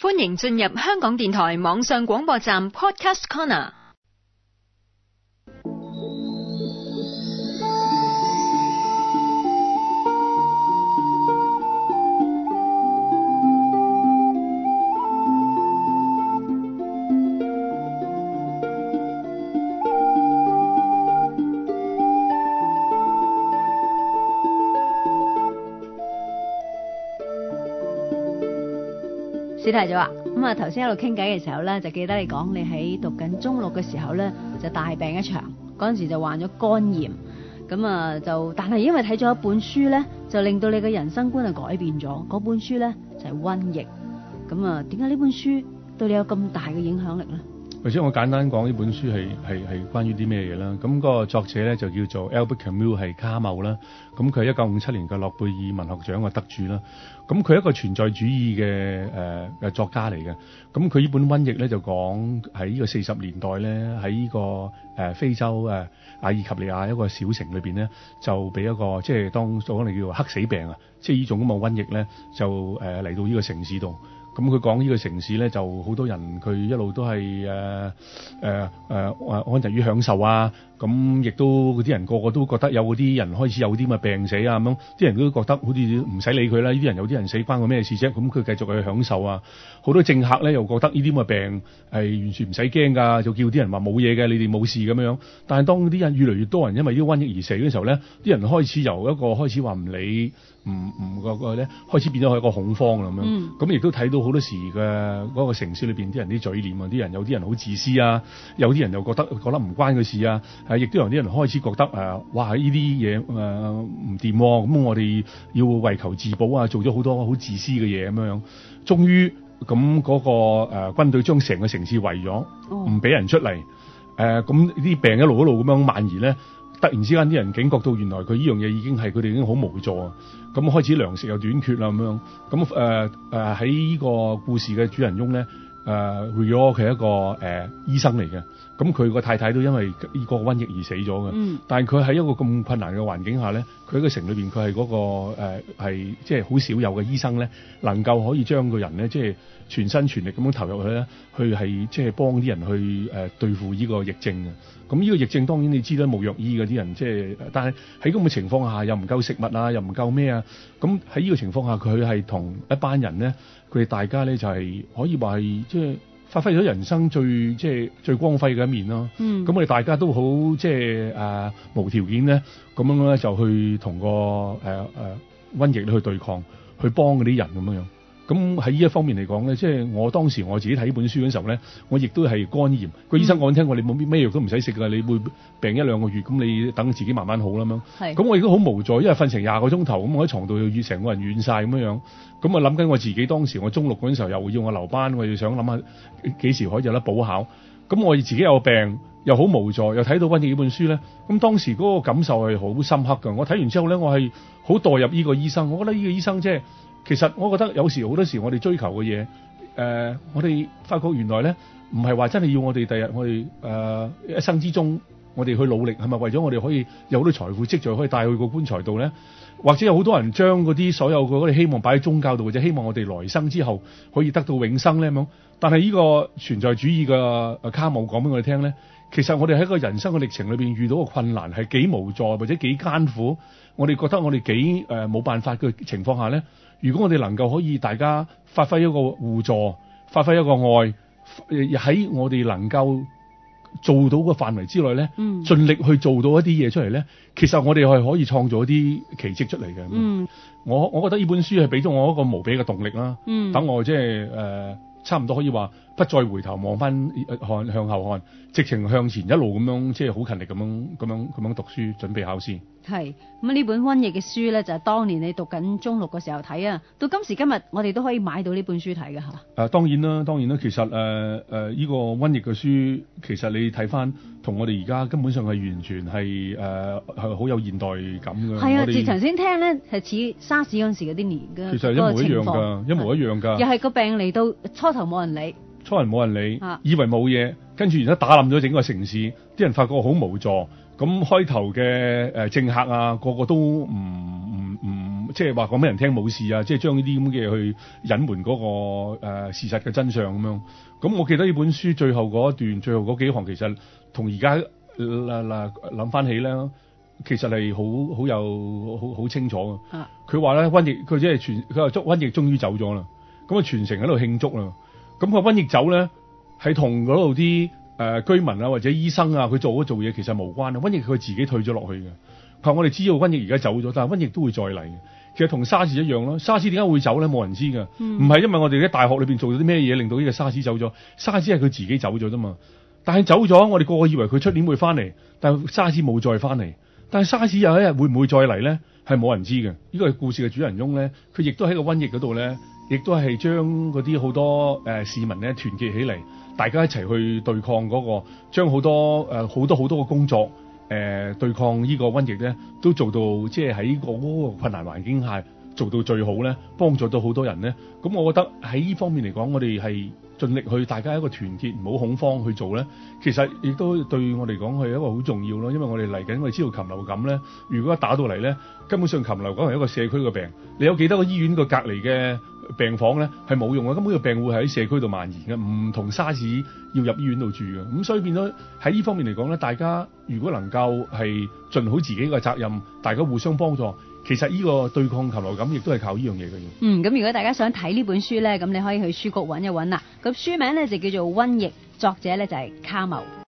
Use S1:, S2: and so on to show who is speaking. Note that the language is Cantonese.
S1: 歡迎進入香港電台網上廣播站 Podcast Corner。你提咗啦，咁啊頭先喺度傾偈嘅時候咧，就記得你講你喺讀緊中六嘅時候咧，就大病一場，嗰陣時就患咗肝炎，咁啊就，但係因為睇咗一本書咧，就令到你嘅人生觀係改變咗，嗰本書咧就係《瘟疫》，咁啊，點解呢本書對你有咁大嘅影響力咧？
S2: 或者我簡單講呢本書係係係關於啲咩嘢啦？咁、那、嗰個作者咧就叫做 Albert Camus 係卡茂啦。咁佢係一九五七年嘅諾貝爾文學獎嘅得主啦。咁佢係一個存在主義嘅、呃、作家嚟嘅。咁佢呢本瘟疫咧就講喺呢個四十年代咧喺呢、這個、呃、非洲誒、呃、阿爾及利亞一個小城裏面咧就俾一個即係當可能叫做黑死病啊。即係呢種咁嘅瘟疫咧，就嚟到呢個城市度。咁佢講呢個城市咧，就好多人佢一路都係誒誒誒誒安逸於享受啊。咁亦都嗰啲人個個都覺得有嗰啲人開始有啲咁嘅病死啊咁樣。啲人都覺得好似唔使理佢啦。呢啲人有啲人死關我咩事啫？咁佢繼續去享受啊。好多政客咧又覺得呢啲咁嘅病係完全唔使驚㗎，就叫啲人話冇嘢嘅，你哋冇事咁樣。但係當啲人越嚟越多人因為呢啲瘟疫而死嘅時候咧，啲人開始由一個開始話唔理唔。唔，個個咧開始變咗佢一個恐慌咁、嗯、樣，咁亦都睇到好多時嘅嗰個城市裏面啲人啲嘴臉啊，啲人有啲人好自私啊，有啲人又覺得覺得唔關佢事啊，亦都有啲人開始覺得嘩、啊，哇！呢啲嘢唔掂喎，咁、啊啊、我哋要為求自保啊，做咗好多好自私嘅嘢咁樣，終於咁嗰個、呃、軍隊將成個城市圍咗，唔、嗯、俾人出嚟，誒咁呢啲病一路一路咁樣蔓延咧。突然之間，啲人警覺到原來佢呢樣嘢已經係佢哋已經好無助啊！咁開始糧食又短缺啦，咁樣咁誒誒喺呢個故事嘅主人翁咧，誒 Rio 佢係一個、呃、醫生嚟嘅。咁佢個太太都因為呢個瘟疫而死咗嘅。但係佢喺一個咁困難嘅環境下咧，佢喺個城裏邊，佢係嗰個誒係即係好少有嘅醫生咧，能夠可以將個人咧即係全身全力咁樣投入去咧，去係即係幫啲人去、呃、對付呢個疫症嘅。咁、這、呢個疫症當然你知得無藥醫嗰啲人，即係但係喺咁嘅情況下又唔夠食物啊，又唔夠咩啊？咁喺呢個情況下，佢係同一班人咧，佢哋大家咧就係可以話係即係發揮咗人生最即係最光輝嘅一面咯。嗯，咁我哋大家都好即係啊無條件咧咁樣咧就去同個誒誒瘟疫去對抗，去幫嗰啲人咁樣樣。咁喺呢一方面嚟講咧，即係我當時我自己睇本書嘅時候咧，我亦都係肝炎。個、嗯、醫生講聽過，我你冇咩藥都唔使食㗎，你會病一兩個月，咁你等自己慢慢好啦咁樣。咁我亦都好無助，因為瞓成廿個鐘頭，咁我喺床度要成個人軟晒。咁樣咁啊諗緊我自己當時我中六嗰陣時候又要我留班，我又想諗下幾時可以有得補考。咁我自己有病，又好無助，又睇到瘟疫呢本書咧，咁當時嗰個感受係好深刻㗎。我睇完之後咧，我係好代入呢個醫生，我覺得呢個醫生即係。其實我覺得有時好多時我哋追求嘅嘢，誒、呃，我哋發覺原來咧，唔係話真係要我哋第日我哋誒、呃、一生之中，我哋去努力係咪為咗我哋可以有好多財富積聚，可以帶去個棺材度咧？或者有好多人將嗰啲所有嘅我哋希望擺喺宗教度，或者希望我哋來生之後可以得到永生咧咁。但係呢個存在主義嘅卡姆講俾我哋聽咧。其實我哋喺一個人生嘅歷程裏面遇到嘅困難係幾無助或者幾艱苦，我哋覺得我哋幾誒冇、呃、辦法嘅情況下咧，如果我哋能夠可以大家發揮一個互助、發揮一個愛，喺我哋能夠做到嘅範圍之內咧、嗯，盡力去做到一啲嘢出嚟咧，其實我哋係可以創造一啲奇蹟出嚟嘅、嗯。我我覺得呢本書係俾咗我一個無比嘅動力啦。等、嗯、我即係誒差唔多可以話。不再回頭望翻看、呃、向、向後看，直情向前一路咁樣，即係好勤力咁樣咁樣咁樣讀書，準備考試
S1: 係咁呢本瘟疫嘅書咧，就係、是、當年你讀緊中六嘅時候睇啊！到今時今日，我哋都可以買到呢本書睇㗎嚇。
S2: 誒當然啦，當然啦。其實誒誒呢個瘟疫嘅書，其實你睇翻同我哋而家根本上係完全係誒係好有現代感㗎。係啊，自頭
S1: 先聽咧，係似沙士嗰陣時嗰啲年㗎。其實係一模一樣㗎、嗰個，
S2: 一模一樣㗎。又係
S1: 個病嚟到初頭冇人理。
S2: 初人冇人理，以為冇嘢，跟住然之後打冧咗整個城市，啲人發覺好無助。咁開頭嘅誒政客啊，個個都唔唔唔，即係話講俾人聽冇事啊，即係將呢啲咁嘅嘢去隱瞞嗰、嗰個、呃、事實嘅真相咁樣。咁我記得呢本書最後嗰一段，最後嗰幾行其實同而家嗱嗱諗翻起咧，其實係好好有好好清楚嘅。佢話咧瘟疫，佢即係全，佢話祝瘟疫終於走咗啦，咁啊全城喺度慶祝啦。咁、那個瘟疫走咧，係同嗰度啲誒居民啊，或者醫生啊，佢做咗做嘢其實無關啊。瘟疫佢自己退咗落去嘅。佢話我哋知道瘟疫而家走咗，但係瘟疫都會再嚟嘅。其實同沙士一樣咯。沙士點解會走咧？冇人知㗎。唔、嗯、係因為我哋喺大學裏邊做咗啲咩嘢令到呢個沙士走咗。沙士係佢自己走咗啫嘛。但係走咗，我哋個個以為佢出年會翻嚟、嗯，但係沙士冇再翻嚟。但係沙士有一日會唔會再嚟咧？係冇人知嘅。呢、這個係故事嘅主人翁咧，佢亦都喺個瘟疫嗰度咧。亦都係將嗰啲好多市民咧團結起嚟，大家一齊去對抗嗰、嗰個，將好多好多好多嘅工作誒、呃、對抗呢個瘟疫咧，都做到即係喺嗰個困難環境下做到最好咧，幫助到好多人咧。咁我覺得喺呢方面嚟講，我哋係盡力去，大家一個團結，唔好恐慌去做咧。其實亦都對我哋講係一個好重要咯，因為我哋嚟緊，我哋知道禽流感咧，如果一打到嚟咧，根本上禽流感係一個社區嘅病。你有幾多個醫院個隔離嘅？病房咧係冇用啊！根本個病會喺社區度蔓延嘅，唔同沙士要入醫院度住嘅。咁所以變咗喺呢方面嚟講咧，大家如果能夠係盡好自己嘅責任，大家互相幫助，其實呢個對抗禽流感亦都係靠呢樣嘢嘅。嗯，
S1: 咁如果大家想睇呢本書咧，咁你可以去書局揾一揾啦。咁書名咧就叫做《瘟疫》，作者咧就係卡繆。